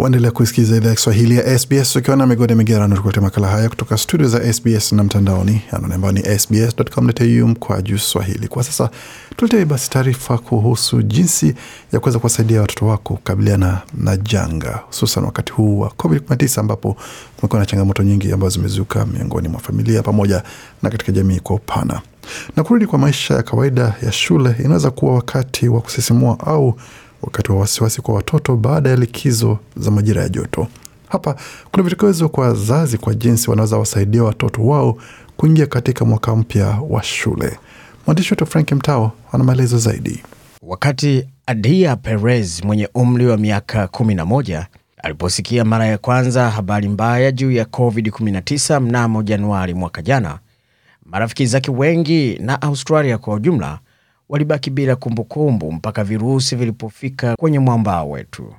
Waendelea kuisikiza idhaa ya Kiswahili ya SBS ukiwa na migode migerano, tukuletea makala haya kutoka studio za SBS na mtandaoni, anwani ambayo ni sbs.com.au mkwaju swahili. Kwa sasa tuletee basi taarifa kuhusu jinsi ya kuweza kuwasaidia watoto wako kukabiliana na janga, hususan wakati huu wa COVID-19 ambapo kumekuwa na changamoto nyingi ambazo zimezuka miongoni mwa familia pamoja na katika jamii kwa upana, na kurudi kwa maisha ya kawaida ya shule inaweza kuwa wakati wa kusisimua au wakati wa wasiwasi kwa watoto baada ya likizo za majira ya joto. Hapa kuna vitokezo kwa wazazi kwa jinsi wanaweza wasaidia watoto wao kuingia katika mwaka mpya wa shule. Mwandishi wetu Frank Mtao ana maelezo zaidi. Wakati Adia Perez mwenye umri wa miaka 11 aliposikia mara ya kwanza habari mbaya juu ya COVID-19 mnamo Januari mwaka jana, marafiki zake wengi na Australia kwa ujumla walibaki bila kumbukumbu -kumbu, mpaka virusi vilipofika kwenye mwambao wetu.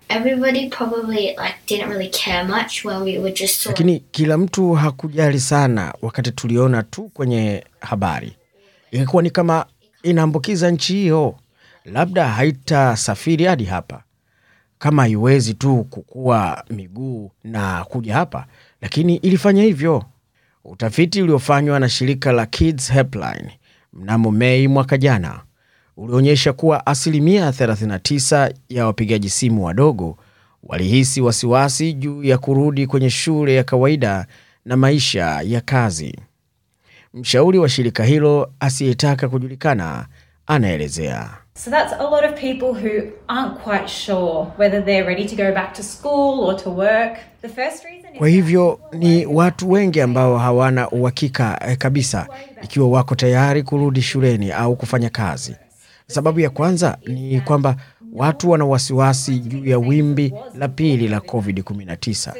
Lakini kila mtu hakujali sana wakati tuliona tu kwenye habari, ilikuwa ni kama inaambukiza nchi hiyo, labda haitasafiri hadi hapa, kama haiwezi tu kukua miguu na kuja hapa, lakini ilifanya hivyo. Utafiti uliofanywa na shirika la Kids Helpline mnamo Mei mwaka jana ulionyesha kuwa asilimia 39 ya wapigaji simu wadogo walihisi wasiwasi juu ya kurudi kwenye shule ya kawaida na maisha ya kazi. Mshauri wa shirika hilo asiyetaka kujulikana anaelezea. So that's a lot of people who aren't quite sure whether they're ready to go back to school or to work. The first reason is Kwa hivyo ni watu wengi ambao hawana uhakika eh, kabisa ikiwa wako tayari kurudi shuleni au kufanya kazi. Sababu ya kwanza ni kwamba watu wana wasiwasi juu ya wimbi la pili la COVID-19.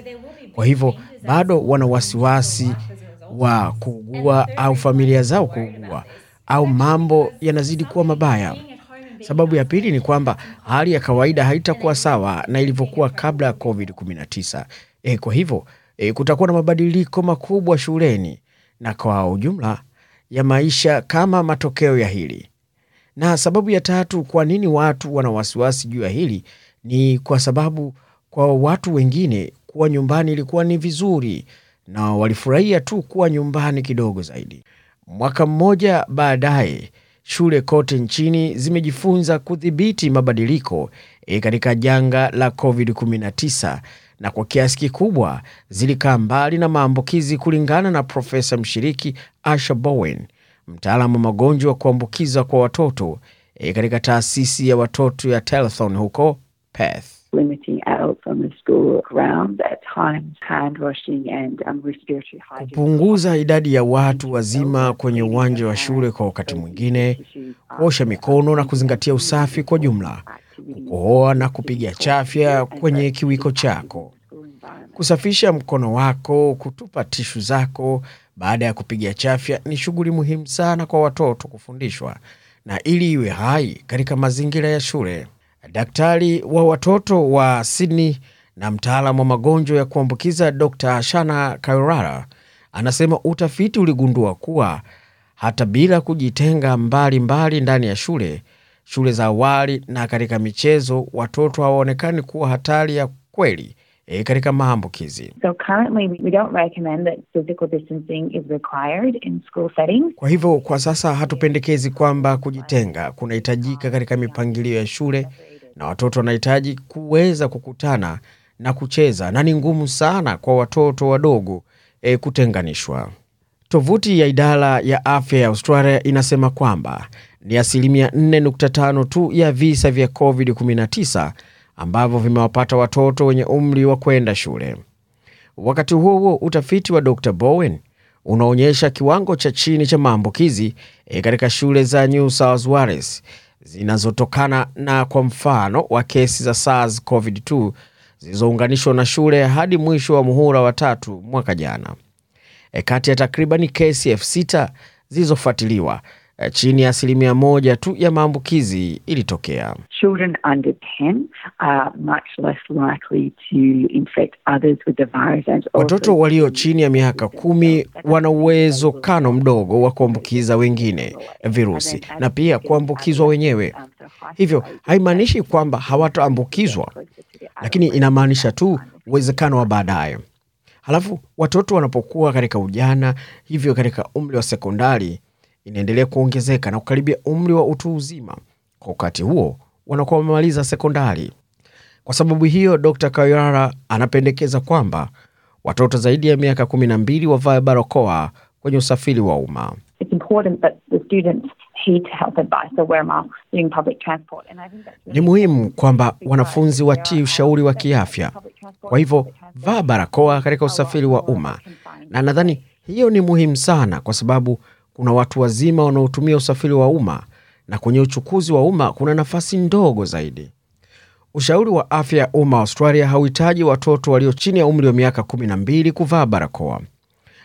Kwa hivyo bado wana wasiwasi wa kuugua au familia zao kuugua au mambo yanazidi kuwa mabaya. Sababu ya pili ni kwamba hali ya kawaida haitakuwa sawa na ilivyokuwa kabla ya COVID-19. E, kwa hivyo e, kutakuwa na mabadiliko makubwa shuleni na kwa ujumla ya maisha kama matokeo ya hili. Na sababu ya tatu, kwa nini watu wana wasiwasi juu ya hili, ni kwa sababu kwa watu wengine kuwa nyumbani ilikuwa ni vizuri na walifurahia tu kuwa nyumbani kidogo zaidi. Mwaka mmoja baadaye, shule kote nchini zimejifunza kudhibiti mabadiliko e, katika janga la COVID-19 na kwa kiasi kikubwa zilikaa mbali na maambukizi, kulingana na profesa mshiriki Asha Bowen mtaalamu wa magonjwa kuambukiza kwa watoto e, katika taasisi ya watoto ya Telethon huko Perth. Um, Kupunguza idadi ya watu wazima kwenye uwanja wa shule, kwa wakati mwingine kuosha mikono na kuzingatia usafi kwa jumla, kukohoa na kupiga chafya kwenye kiwiko chako, kusafisha mkono wako, kutupa tishu zako baada ya kupiga chafya, ni shughuli muhimu sana kwa watoto kufundishwa na ili iwe hai katika mazingira ya shule. Daktari wa watoto wa Sydney na mtaalamu wa magonjwa ya kuambukiza Dr. Shana Kairala anasema utafiti uligundua kuwa hata bila kujitenga mbali mbali ndani ya shule, shule za awali na katika michezo, watoto hawaonekani kuwa hatari ya kweli E, katika maambukizi. So currently we don't recommend that physical distancing is required in school Kwa hivyo kwa sasa hatupendekezi kwamba kujitenga kunahitajika katika mipangilio ya shule na watoto wanahitaji kuweza kukutana na kucheza na ni ngumu sana kwa watoto wadogo e, kutenganishwa. Tovuti ya idara ya afya ya Australia inasema kwamba ni asilimia 4.5 tu ya visa vya COVID-19 ambavyo vimewapata watoto wenye umri wa kwenda shule. Wakati huo huo, utafiti wa Dr Bowen unaonyesha kiwango cha chini cha maambukizi e katika shule za New South Wales zinazotokana na kwa mfano wa kesi za SARS COVID-2 zilizounganishwa na shule hadi mwisho wa muhula wa tatu mwaka jana. E, kati ya takribani kesi elfu sita zilizofuatiliwa Eh, chini ya asilimia moja tu ya maambukizi ilitokea. Children under 10 are much less likely to infect others with the virus watoto walio chini ya miaka kumi wana uwezekano mdogo wa kuambukiza wengine virusi na pia kuambukizwa wenyewe. Hivyo haimaanishi kwamba hawataambukizwa, lakini inamaanisha tu uwezekano wa baadaye. Halafu watoto wanapokuwa katika ujana, hivyo katika umri wa sekondari inaendelea kuongezeka na kukaribia umri wa utu uzima. Kwa wakati huo wanakuwa wamemaliza sekondari. Kwa sababu hiyo, Dr Kayara anapendekeza kwamba watoto zaidi ya miaka kumi na mbili wavae barakoa kwenye usafiri wa umma. Ni muhimu kwamba wanafunzi watii ushauri wa kiafya, kwa hivyo vaa barakoa katika usafiri wa umma, na nadhani hiyo ni muhimu sana kwa sababu kuna watu wazima wanaotumia usafiri wa umma na kwenye uchukuzi wa umma kuna nafasi ndogo zaidi. Ushauri wa afya ya umma Australia hauhitaji watoto walio chini ya umri wa miaka 12 kuvaa barakoa,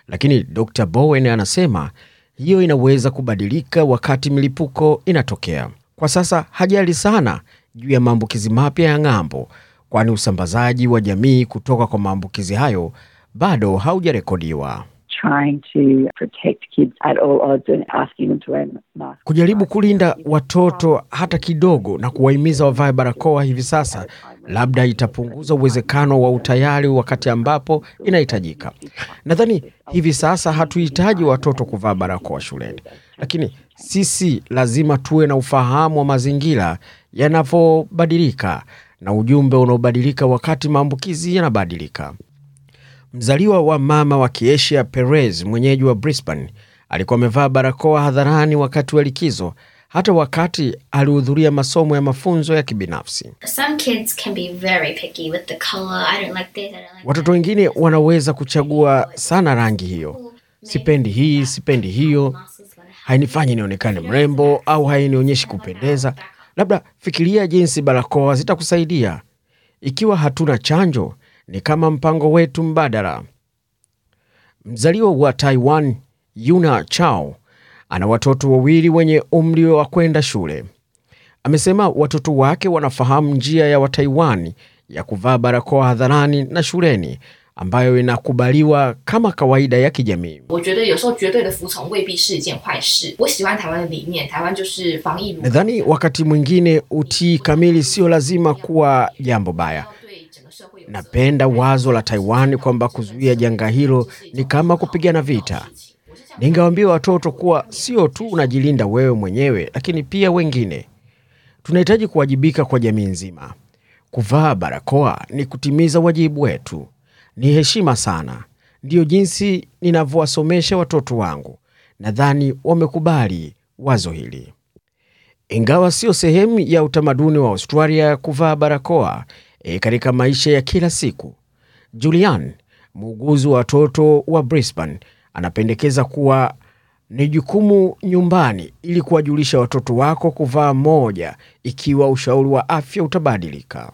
lakini Dr Bowen anasema hiyo inaweza kubadilika wakati milipuko inatokea. Kwa sasa hajali sana juu ya maambukizi mapya ya ng'ambo, kwani usambazaji wa jamii kutoka kwa maambukizi hayo bado haujarekodiwa kujaribu kulinda watoto hata kidogo na kuwahimiza wavae barakoa hivi sasa, labda itapunguza uwezekano wa utayari wakati ambapo inahitajika. Nadhani hivi sasa hatuhitaji watoto kuvaa barakoa shuleni, lakini sisi lazima tuwe na ufahamu wa mazingira yanavyobadilika na ujumbe unaobadilika wakati maambukizi yanabadilika. Mzaliwa wa mama wa Kiasia Perez, mwenyeji wa Brisbane, alikuwa amevaa barakoa hadharani wakati wa likizo, hata wakati alihudhuria masomo ya mafunzo ya kibinafsi. Watoto wengine wanaweza kuchagua sana rangi hiyo, sipendi hii, sipendi hiyo, hainifanyi nionekane mrembo au hainionyeshi kupendeza. Labda fikiria jinsi barakoa zitakusaidia. Ikiwa hatuna chanjo ni kama mpango wetu mbadala. Mzaliwa wa Taiwan Yuna Chao ana watoto wawili wenye umri wa kwenda shule. Amesema watoto wake wanafahamu njia ya Wataiwani ya kuvaa barakoa hadharani na shuleni ambayo inakubaliwa kama kawaida ya kijamii. Nadhani wakati mwingine utii kamili sio lazima kuwa jambo baya. Napenda wazo la Taiwan kwamba kuzuia janga hilo ni kama kupigana vita. Ningewaambia watoto kuwa sio tu unajilinda wewe mwenyewe, lakini pia wengine. Tunahitaji kuwajibika kwa jamii nzima. Kuvaa barakoa ni kutimiza wajibu wetu, ni heshima sana. Ndiyo jinsi ninavyowasomesha watoto wangu. Nadhani wamekubali wazo hili, ingawa sio sehemu ya utamaduni wa Australia kuvaa barakoa e, katika maisha ya kila siku. Julian, muuguzi wa watoto wa Brisbane, anapendekeza kuwa ni jukumu nyumbani ili kuwajulisha watoto wako kuvaa moja ikiwa ushauri wa afya utabadilika.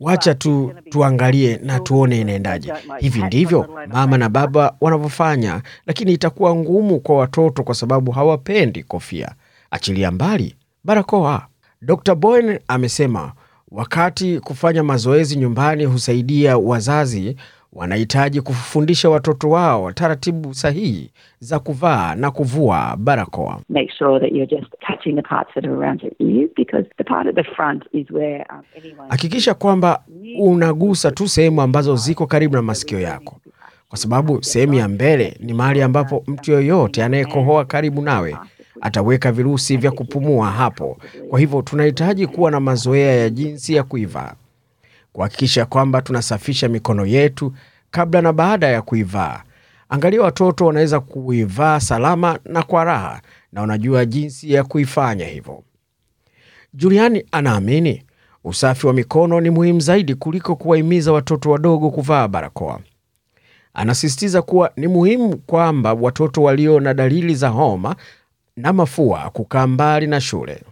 Wacha tu tuangalie na tuone inaendaje. Hivi ndivyo mama na baba wanavyofanya, lakini itakuwa ngumu kwa watoto kwa sababu hawapendi kofia. Achilia mbali barakoa. Dr Bowen amesema wakati kufanya mazoezi nyumbani husaidia, wazazi wanahitaji kufundisha watoto wao taratibu sahihi za kuvaa na kuvua barakoa. Um, Hakikisha kwamba unagusa tu sehemu ambazo ziko karibu na masikio yako, kwa sababu sehemu ya mbele ni mahali ambapo mtu yoyote anayekohoa karibu nawe ataweka virusi vya kupumua hapo. Kwa hivyo tunahitaji kuwa na mazoea ya jinsi ya kuivaa, kuhakikisha kwamba tunasafisha mikono yetu kabla na baada ya kuivaa. Angalia, watoto wanaweza kuivaa salama na kwa raha, na wanajua jinsi ya kuifanya hivyo. Juliani anaamini usafi wa mikono ni muhimu zaidi kuliko kuwahimiza watoto wadogo kuvaa barakoa. Anasisitiza kuwa ni muhimu kwamba watoto walio na dalili za homa na mafua kukaa mbali na shule.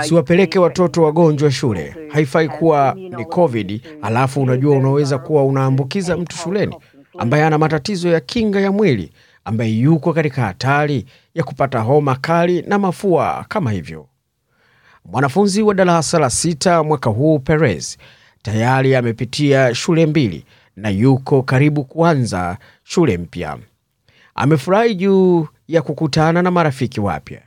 Usiwapeleke watoto wagonjwa shule, haifai kuwa ni COVID alafu unajua unaweza uh, kuwa unaambukiza mtu shuleni ambaye ana matatizo ya kinga ya mwili, ambaye yuko katika hatari ya kupata homa kali na mafua kama hivyo. Mwanafunzi wa darasa la sita mwaka huu Perez tayari amepitia shule mbili na yuko karibu kuanza shule mpya. Amefurahi juu ya kukutana na marafiki wapya.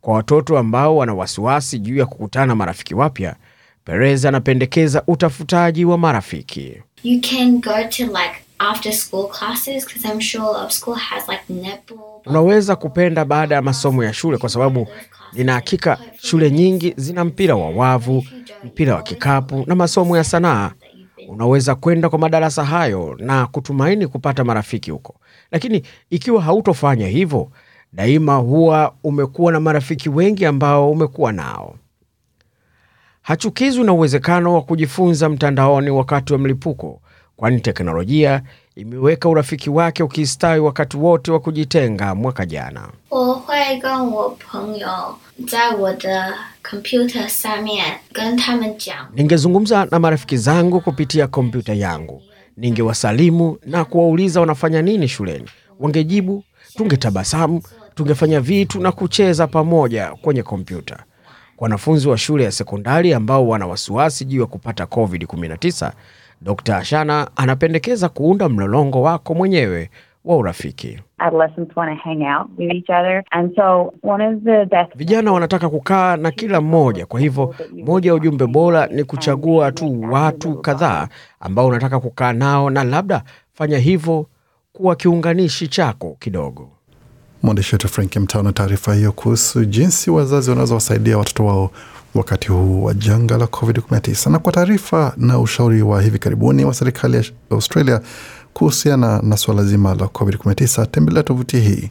Kwa watoto ambao wana wasiwasi juu ya kukutana na marafiki wapya, Perez anapendekeza utafutaji wa marafiki. You can go to like after school classes because I'm sure school has like netball. Unaweza kupenda baada ya masomo ya shule kwa sababu nina hakika shule nyingi zina mpira wa wavu, mpira wa kikapu na masomo ya sanaa unaweza kwenda kwa madarasa hayo na kutumaini kupata marafiki huko, lakini ikiwa hautofanya hivyo, daima huwa umekuwa na marafiki wengi ambao umekuwa nao. Hachukizwi na uwezekano wa kujifunza mtandaoni wakati wa mlipuko kwani teknolojia imeweka urafiki wake ukistawi wakati wote wa kujitenga mwaka jana. Ningezungumza na marafiki zangu kupitia kompyuta yangu, ningewasalimu na kuwauliza wanafanya nini shuleni. Wangejibu, tungetabasamu, tungefanya vitu na kucheza pamoja kwenye kompyuta. Wanafunzi wa shule ya sekondari ambao wana wasiwasi juu ya kupata COVID-19 Dr. Ashana anapendekeza kuunda mlolongo wako mwenyewe wa urafiki. Vijana wanataka kukaa na kila mmoja, kwa hivyo moja ya ujumbe bora ni kuchagua tu watu kadhaa ambao unataka kukaa nao, na labda fanya hivyo kuwa kiunganishi chako kidogo. Mwandishi wetu Frank Mtao na taarifa hiyo kuhusu jinsi wazazi wanaweza wasaidia watoto wao wakati huu wa janga la COVID-19. Na kwa taarifa na ushauri wa hivi karibuni wa serikali ya Australia kuhusiana na suala zima la COVID-19, tembelea tovuti hii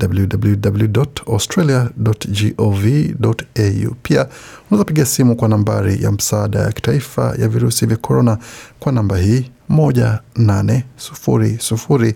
www.australia.gov.au. Pia unaweza piga simu kwa nambari ya msaada ya kitaifa ya virusi vya korona kwa namba hii 1800 200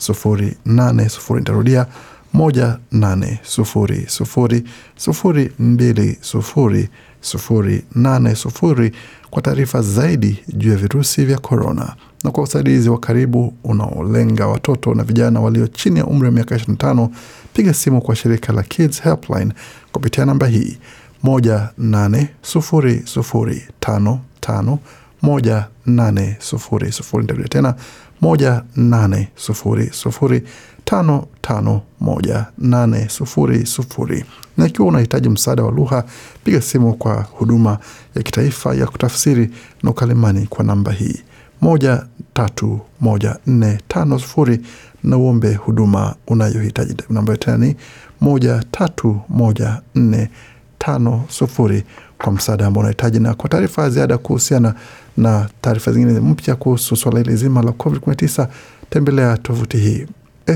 800. Nitarudia moja nane sufuri sufuri sufuri mbili sufuri sufuri nane sufuri kwa taarifa zaidi juu ya virusi vya korona na kwa usaidizi wa karibu unaolenga watoto na vijana walio chini ya umri wa miaka 25, piga simu kwa shirika la Kids Helpline kupitia namba hii 18005518000. tena 551800. Na ikiwa unahitaji msaada wa lugha, piga simu kwa huduma ya kitaifa ya kutafsiri na ukalimani kwa namba hii 131450 na uombe huduma unayohitaji. Namba tena ni sufuri kwa msaada ambao unahitaji. Na kwa taarifa ya ziada kuhusiana na taarifa zingine mpya kuhusu swala hili zima la COVID-19, tembelea tovuti hii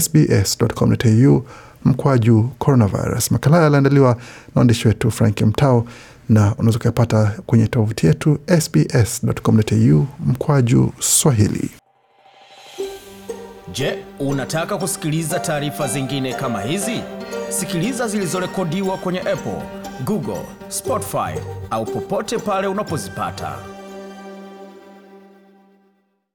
sbs.com.au mkwaju coronavirus. Makala yaliandaliwa na waandishi wetu Frank Mtao na unaweza ukayapata kwenye tovuti yetu sbs.com.au mkwaju swahili. Je, unataka kusikiliza taarifa zingine kama hizi? Sikiliza zilizorekodiwa kwenye Apple, Google, Spotify au popote pale unapozipata.